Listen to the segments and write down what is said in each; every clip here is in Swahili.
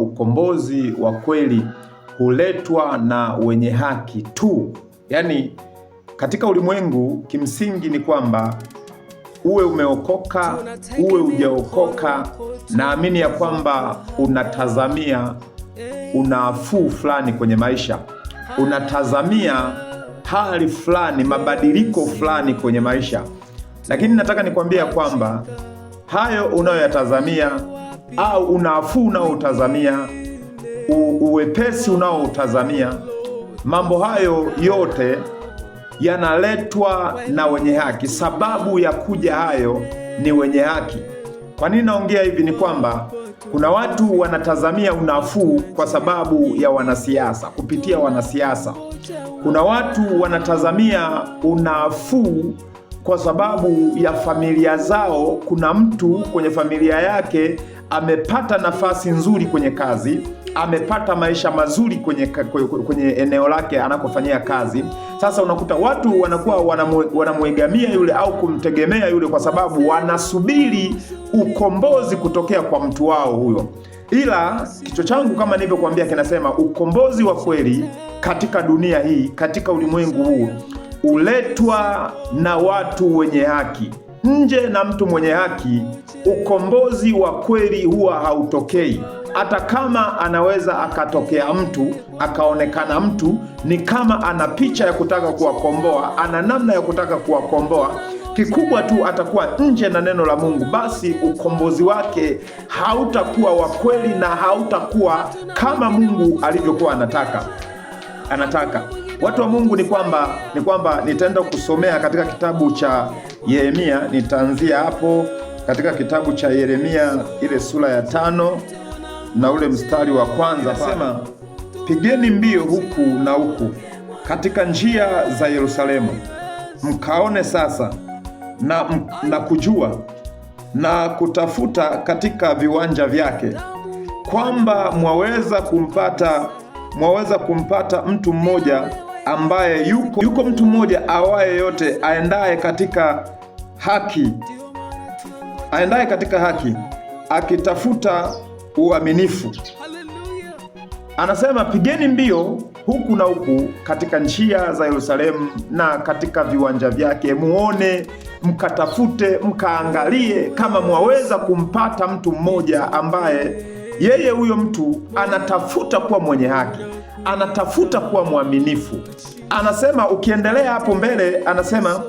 ukombozi wa kweli huletwa na wenye haki tu. Yaani katika ulimwengu kimsingi ni kwamba uwe umeokoka uwe hujaokoka, naamini ya kwamba unatazamia unafuu fulani kwenye maisha, unatazamia hali fulani, mabadiliko fulani kwenye maisha, lakini nataka nikwambia kwamba hayo unayoyatazamia au unafuu unaotazamia, uwepesi unaotazamia, mambo hayo yote yanaletwa na wenye haki. Sababu ya kuja hayo ni wenye haki. Kwa nini naongea hivi? Ni kwamba kuna watu wanatazamia unafuu kwa sababu ya wanasiasa, kupitia wanasiasa. Kuna watu wanatazamia unafuu kwa sababu ya familia zao. Kuna mtu kwenye familia yake amepata nafasi nzuri kwenye kazi, amepata maisha mazuri kwenye, kwenye eneo lake anakofanyia kazi. Sasa unakuta watu wanakuwa wanamwegamia yule au kumtegemea yule, kwa sababu wanasubiri ukombozi kutokea kwa mtu wao huyo. Ila kichwa changu kama nilivyokuambia kinasema ukombozi wa kweli katika dunia hii, katika ulimwengu huu uletwa na watu wenye haki nje na mtu mwenye haki, ukombozi wa kweli huwa hautokei. Hata kama anaweza akatokea mtu akaonekana mtu, ni kama ana picha ya kutaka kuwakomboa, ana namna ya kutaka kuwakomboa kikubwa tu atakuwa nje na neno la Mungu, basi ukombozi wake hautakuwa wa kweli na hautakuwa kama Mungu alivyokuwa anataka anataka Watu wa Mungu ni kwamba ni kwamba nitaenda kusomea katika kitabu cha Yeremia, nitaanzia hapo katika kitabu cha Yeremia ile sura ya tano na ule mstari wa kwanza sema, pigeni mbio huku na huku katika njia za Yerusalemu, mkaone sasa na, na kujua na kutafuta katika viwanja vyake, kwamba mwaweza kumpata mwaweza kumpata mtu mmoja ambaye yuko, yuko mtu mmoja awaye yote aendaye katika haki aendaye katika haki akitafuta uaminifu. Anasema pigeni mbio huku na huku katika njia za Yerusalemu na katika viwanja vyake, muone mkatafute, mkaangalie kama mwaweza kumpata mtu mmoja ambaye yeye huyo mtu anatafuta kuwa mwenye haki anatafuta kuwa mwaminifu. Anasema ukiendelea hapo mbele, anasema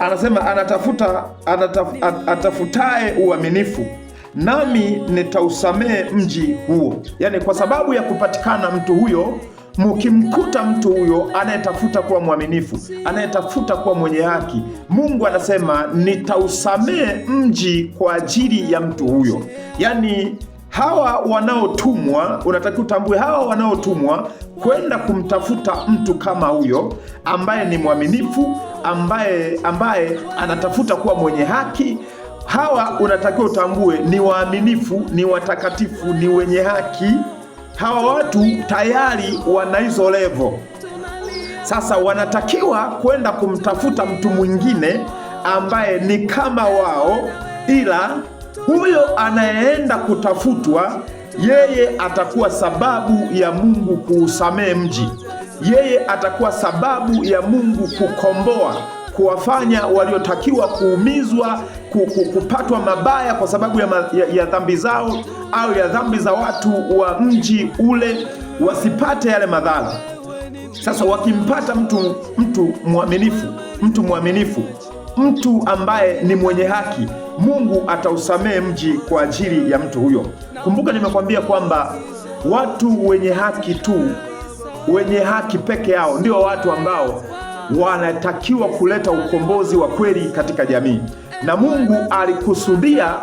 anasema anatafuta anataf, atafutae uaminifu nami nitausamehe mji huo. Yaani, kwa sababu ya kupatikana mtu huyo, mukimkuta mtu huyo anayetafuta kuwa mwaminifu, anayetafuta kuwa mwenye haki, Mungu anasema nitausamehe mji kwa ajili ya mtu huyo, yaani hawa wanaotumwa, unatakiwa utambue hawa wanaotumwa kwenda kumtafuta mtu kama huyo ambaye ni mwaminifu, ambaye, ambaye anatafuta kuwa mwenye haki. Hawa unatakiwa utambue ni waaminifu, ni watakatifu, ni wenye haki. Hawa watu tayari wana hizo levo. Sasa wanatakiwa kwenda kumtafuta mtu mwingine ambaye ni kama wao ila huyo anayeenda kutafutwa, yeye atakuwa sababu ya Mungu kuusamehe mji, yeye atakuwa sababu ya Mungu kukomboa kuwafanya waliotakiwa kuumizwa kupatwa mabaya kwa sababu ya, ma, ya, ya dhambi zao au ya dhambi za watu wa mji ule wasipate yale madhara. Sasa wakimpata mtu mtu mwaminifu, mtu mwaminifu, mtu ambaye ni mwenye haki Mungu atausamehe mji kwa ajili ya mtu huyo. Kumbuka nimekwambia kwamba watu wenye haki tu, wenye haki peke yao ndio watu ambao wanatakiwa kuleta ukombozi wa kweli katika jamii, na Mungu alikusudia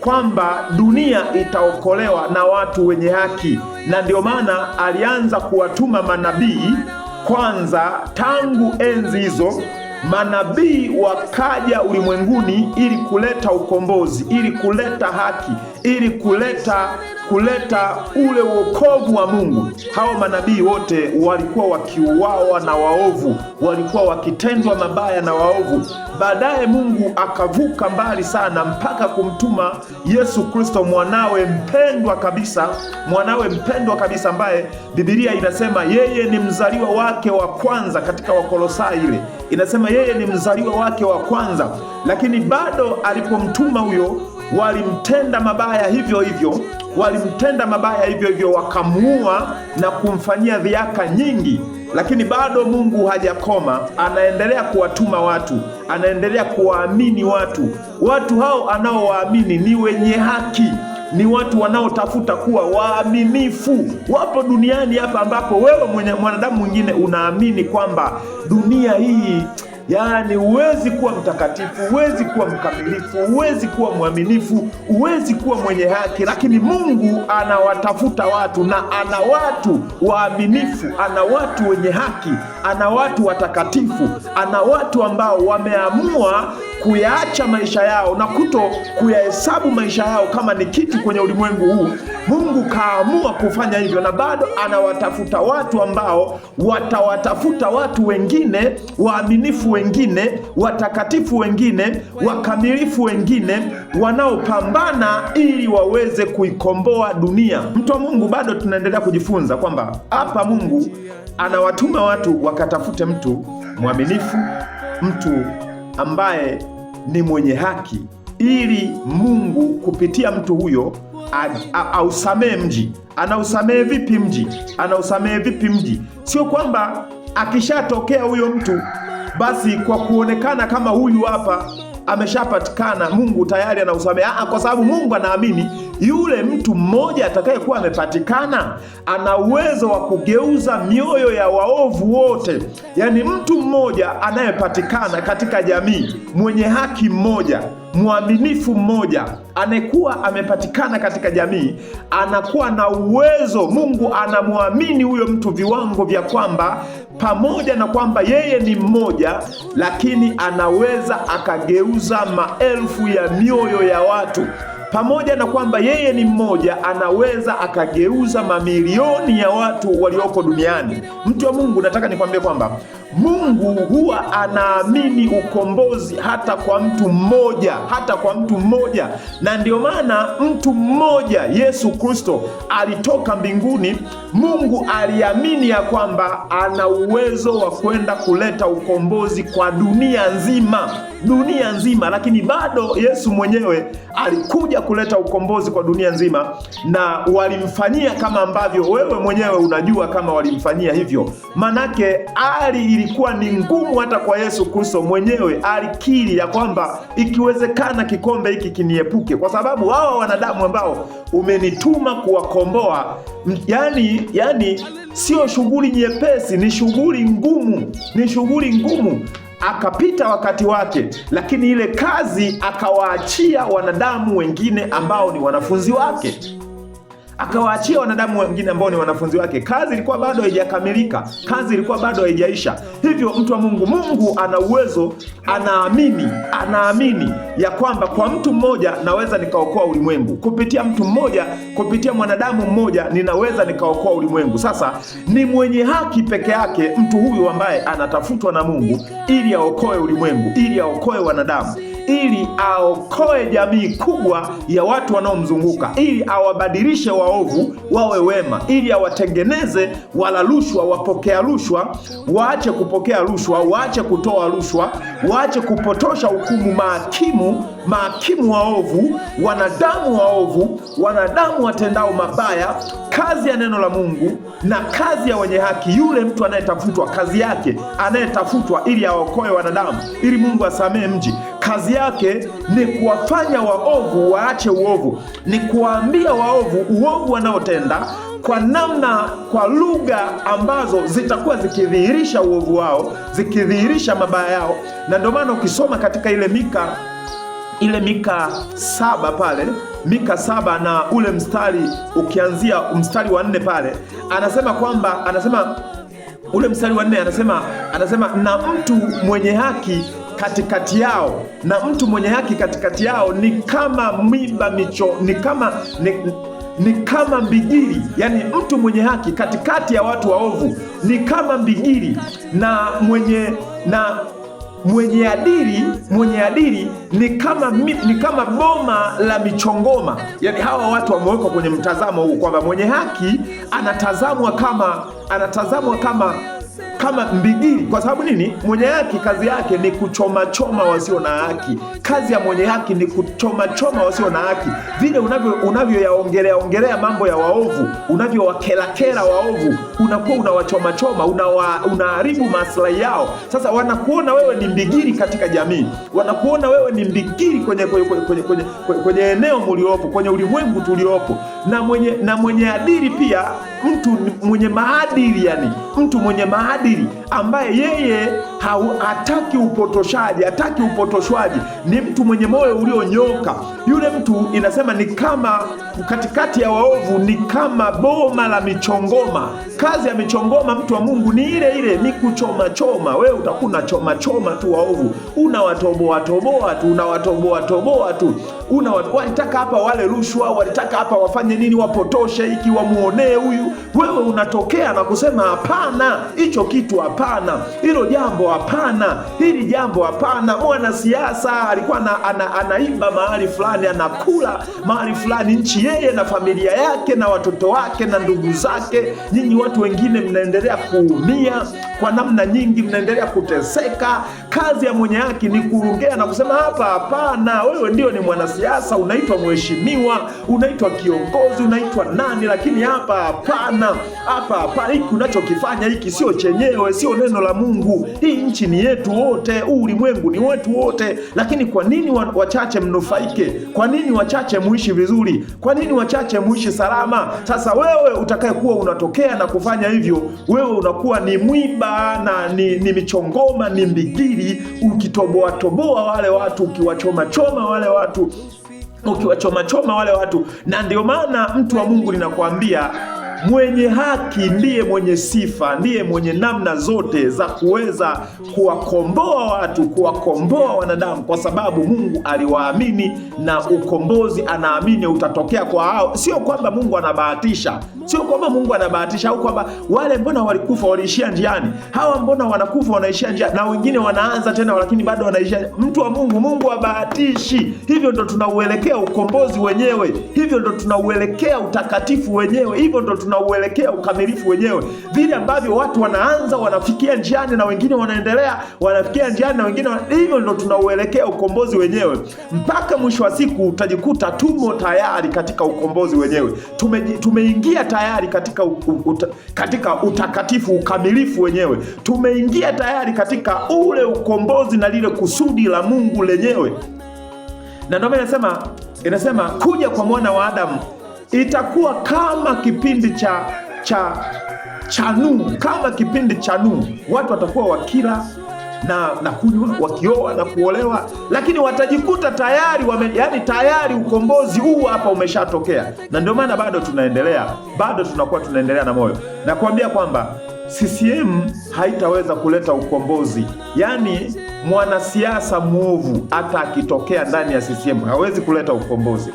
kwamba dunia itaokolewa na watu wenye haki, na ndio maana alianza kuwatuma manabii kwanza tangu enzi hizo Manabii wakaja ulimwenguni ili kuleta ukombozi, ili kuleta haki, ili kuleta kuleta ule wokovu wa Mungu. Hao manabii wote walikuwa wakiuawa na waovu, walikuwa wakitendwa mabaya na waovu, Baadaye Mungu akavuka mbali sana mpaka kumtuma Yesu Kristo mwanawe mpendwa kabisa, mwanawe mpendwa kabisa, ambaye Biblia inasema yeye ni mzaliwa wake wa kwanza. Katika Wakolosai ile inasema yeye ni mzaliwa wake wa kwanza, lakini bado alipomtuma huyo walimtenda mabaya hivyo hivyo, walimtenda mabaya hivyo hivyo, wakamuua na kumfanyia dhiaka nyingi lakini bado Mungu hajakoma, anaendelea kuwatuma watu, anaendelea kuwaamini watu. Watu hao anaowaamini ni wenye haki, ni watu wanaotafuta kuwa waaminifu. Wapo duniani hapa ambapo wewe mwenye mwanadamu mwingine unaamini kwamba dunia hii Yaani huwezi kuwa mtakatifu, huwezi kuwa mkamilifu, huwezi kuwa mwaminifu, huwezi kuwa mwenye haki, lakini Mungu anawatafuta watu na ana watu waaminifu, ana watu wenye haki, ana watu watakatifu, ana watu ambao wameamua kuyaacha maisha yao na kuto kuyahesabu maisha yao kama ni kitu kwenye ulimwengu huu. Mungu kaamua kufanya hivyo, na bado anawatafuta watu ambao watawatafuta watu wengine waaminifu, wengine watakatifu, wengine wakamilifu, wengine wanaopambana ili waweze kuikomboa dunia. Mtu wa Mungu, bado tunaendelea kujifunza kwamba hapa Mungu anawatuma watu wakatafute mtu mwaminifu, mtu ambaye ni mwenye haki, ili Mungu kupitia mtu huyo ausamee mji. Anausamee vipi mji? Anausamee vipi mji? Sio kwamba akishatokea huyo mtu basi kwa kuonekana kama huyu hapa ameshapatikana, Mungu tayari anausamea. Ah, kwa sababu Mungu anaamini yule mtu mmoja atakayekuwa amepatikana ana uwezo wa kugeuza mioyo ya waovu wote. Yaani, mtu mmoja anayepatikana katika jamii, mwenye haki mmoja, mwaminifu mmoja, anayekuwa amepatikana katika jamii, anakuwa na uwezo. Mungu anamwamini huyo mtu viwango vya kwamba pamoja na kwamba yeye ni mmoja, lakini anaweza akageuza maelfu ya mioyo ya watu. Pamoja na kwamba yeye ni mmoja, anaweza akageuza mamilioni ya watu walioko duniani. Mtu wa Mungu, nataka nikwambie kwamba Mungu huwa anaamini ukombozi hata kwa mtu mmoja, hata kwa mtu mmoja. Na ndio maana mtu mmoja Yesu Kristo alitoka mbinguni. Mungu aliamini ya kwamba ana uwezo wa kwenda kuleta ukombozi kwa dunia nzima, dunia nzima. Lakini bado Yesu mwenyewe alikuja kuleta ukombozi kwa dunia nzima, na walimfanyia kama ambavyo wewe mwenyewe unajua kama walimfanyia hivyo, manake ali ilikuwa ni ngumu hata kwa Yesu Kristo mwenyewe. Alikiri ya kwamba ikiwezekana kikombe hiki kiniepuke, kwa sababu hawa wanadamu ambao umenituma kuwakomboa, yani, yani sio shughuli nyepesi, ni shughuli ngumu, ni shughuli ngumu. Akapita wakati wake, lakini ile kazi akawaachia wanadamu wengine ambao ni wanafunzi wake akawaachia wanadamu wengine ambao ni wanafunzi wake. Kazi ilikuwa bado haijakamilika, kazi ilikuwa bado haijaisha. Hivyo mtu wa Mungu, Mungu ana uwezo, anaamini, anaamini ya kwamba kwa mtu mmoja naweza nikaokoa ulimwengu, kupitia mtu mmoja, kupitia mwanadamu mmoja ninaweza nikaokoa ulimwengu. Sasa ni mwenye haki peke yake mtu huyu ambaye anatafutwa na Mungu ili aokoe ulimwengu, ili aokoe wanadamu ili aokoe jamii kubwa ya watu wanaomzunguka, ili awabadilishe waovu wawe wema, ili awatengeneze wala rushwa, wapokea rushwa, waache kupokea rushwa, waache kutoa rushwa, waache kupotosha hukumu mahakimu, mahakimu waovu, wanadamu waovu, wanadamu watendao mabaya, kazi ya neno la Mungu na kazi ya wenye haki, yule mtu anayetafutwa, kazi yake anayetafutwa, ili aokoe wanadamu, ili Mungu asamehe mji kazi yake ni kuwafanya waovu waache uovu, ni kuwaambia waovu uovu wanaotenda kwa namna, kwa lugha ambazo zitakuwa zikidhihirisha uovu wao, zikidhihirisha mabaya yao. Na ndio maana ukisoma katika ile Mika ile Mika saba pale Mika saba na ule mstari ukianzia mstari wa nne pale anasema kwamba anasema ule mstari wa nne anasema anasema, na mtu mwenye haki katikati yao na mtu mwenye haki katikati yao ni kama miba micho, ni kama ni, ni kama mbigiri. Yani, mtu mwenye haki katikati ya watu waovu ni kama mbigiri na mwenye na mwenye adili mwenye adili ni kama, ni kama boma la michongoma. Yani hawa watu wamewekwa kwenye mtazamo huu kwamba mwenye haki anatazamwa kama anatazamwa kama kama mbigili. Kwa sababu nini? Mwenye haki kazi yake ni kuchoma choma wasio na haki. Kazi ya mwenye haki ni kuchoma choma wasio na haki. Vile unavyoyaongelea ongelea mambo ya waovu, unavyowakelakela waovu, unakuwa unawachomachoma, unaharibu una maslahi yao. Sasa wanakuona wewe ni mbigili katika jamii, wanakuona wewe ni mbigili kwenye, kwenye, kwenye, kwenye, kwenye eneo muliopo, kwenye ulimwengu tuliopo, na mwenye, na mwenye adili pia mtu mwenye maadili yani, mtu mwenye maadili ambaye yeye hataki upotoshaji, hataki upotoshwaji, ni mtu mwenye moyo ulionyoka. Yule mtu inasema ni kama katikati ya waovu, ni kama boma la michongoma. Kazi ya michongoma, mtu wa Mungu, ni ile ile, ni kuchomachoma. Wewe utakuna chomachoma tu waovu, toboa tu, toboa tu, una wat... walitaka hapa wale rushwa, walitaka hapa wafanye nini, wapotoshe hiki, wamuonee huyu. Wewe unatokea na kusema hapana, hicho kitu hapa hapana, hilo jambo hapana, hili jambo hapana. Mwanasiasa alikuwa na, ana, anaiba mahali fulani, anakula mahali fulani nchi, yeye na familia yake na watoto wake na ndugu zake. Nyinyi watu wengine mnaendelea kuumia kwa namna nyingi, mnaendelea kuteseka. Kazi ya mwenye haki ni kuongea na kusema hapa hapana. Wewe ndio ni mwanasiasa, unaitwa mheshimiwa, unaitwa kiongozi, unaitwa nani, lakini hapa hapana, hapa hapana. Hiki unachokifanya hiki sio chenyewe, sio sio neno la Mungu. Hii nchi ni yetu wote, huu ulimwengu ni wetu wote. Lakini kwa nini wachache mnufaike? Kwa nini wachache muishi vizuri? Kwa nini wachache muishi salama? Sasa wewe utakayekuwa unatokea na kufanya hivyo, wewe unakuwa ni mwiba na ni, ni michongoma, ni mbigili, ukitoboa toboa wale watu, ukiwachoma choma wale watu ukiwachomachoma wale watu. Na ndio maana mtu wa Mungu ninakwambia Mwenye haki ndiye mwenye sifa, ndiye mwenye namna zote za kuweza kuwakomboa watu, kuwakomboa wanadamu, kwa sababu Mungu aliwaamini na ukombozi anaamini utatokea kwa hao. Sio kwamba Mungu anabahatisha, sio kwamba Mungu anabahatisha au kwamba wale mbona walikufa waliishia njiani, hawa mbona wanakufa wanaishia njiani, na wengine wanaanza tena, lakini bado wanaishia. Mtu wa Mungu, Mungu abahatishi. Hivyo ndo tunauelekea ukombozi wenyewe, hivyo ndo tunauelekea utakatifu wenyewe, hivyo ndo tunauelekea ukamilifu wenyewe. Vile ambavyo watu wanaanza wanafikia njiani na wengine wanaendelea wanafikia njiani na wengine hivyo ndo tunauelekea ukombozi wenyewe. Mpaka mwisho wa siku utajikuta tumo tayari katika ukombozi wenyewe, tume tumeingia tayari katika uta, katika utakatifu ukamilifu wenyewe, tumeingia tayari katika ule ukombozi na lile kusudi la Mungu lenyewe, na ndio maana inasema inasema kuja kwa mwana wa Adamu itakuwa kama kipindi cha cha cha Nuhu, kama kipindi cha Nuhu. Watu watakuwa wakila na na kunywa, wakioa na kuolewa, lakini watajikuta tayari wame, yani tayari ukombozi huu hapa umeshatokea, na ndio maana bado tunaendelea, bado tunakuwa tunaendelea na moyo na kuambia kwamba CCM haitaweza kuleta ukombozi. Yaani, mwanasiasa mwovu hata akitokea ndani ya CCM hawezi kuleta ukombozi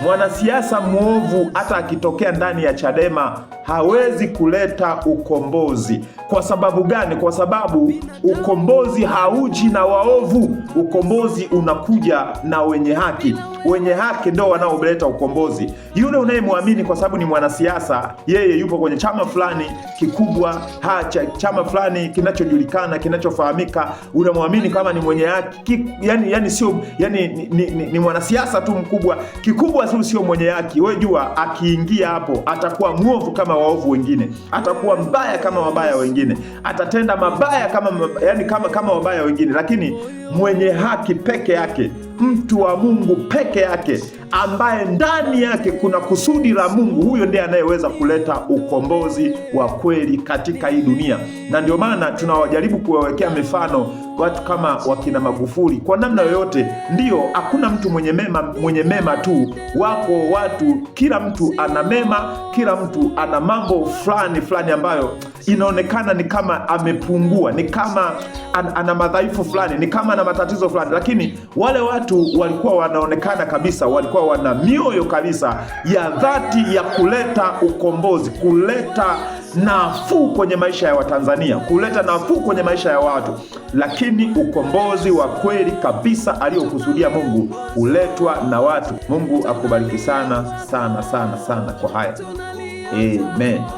mwanasiasa mwovu hata akitokea ndani ya Chadema hawezi kuleta ukombozi. Kwa sababu gani? Kwa sababu ukombozi hauji na waovu, ukombozi unakuja na wenye haki. Wenye haki ndio wanaoleta ukombozi. Yule unayemwamini kwa sababu ni mwanasiasa, yeye yupo kwenye chama fulani kikubwa, hacha chama fulani kinachojulikana, kinachofahamika, unamwamini kama ni mwenye haki, yani, yani sio yani ni, ni, ni, ni mwanasiasa tu mkubwa, kikubwa tu sio mwenye haki. Wewe jua akiingia hapo atakuwa mwovu kama waovu wengine, atakuwa mbaya kama wabaya wengine, atatenda mabaya kama, yani kama, kama wabaya wengine, lakini mwenye haki peke yake, mtu wa Mungu peke yake, ambaye ndani yake kuna kusudi la Mungu, huyo ndiye anayeweza kuleta ukombozi wa kweli katika hii dunia. Na ndio maana tunawajaribu kuwawekea mifano watu kama wakina Magufuli kwa namna yoyote. Ndiyo, hakuna mtu mwenye mema, mwenye mema tu, wako watu, kila mtu ana mema, kila mtu ana mambo fulani fulani ambayo inaonekana ni kama amepungua, ni kama an, ana madhaifu fulani, ni kama ana matatizo fulani, lakini wale watu walikuwa wanaonekana kabisa, walikuwa wana mioyo kabisa ya dhati ya kuleta ukombozi, kuleta nafuu kwenye maisha ya Watanzania, kuleta nafuu kwenye maisha ya watu. Lakini ukombozi wa kweli kabisa aliyokusudia Mungu huletwa na watu. Mungu akubariki sana sana sana sana kwa haya. Amen.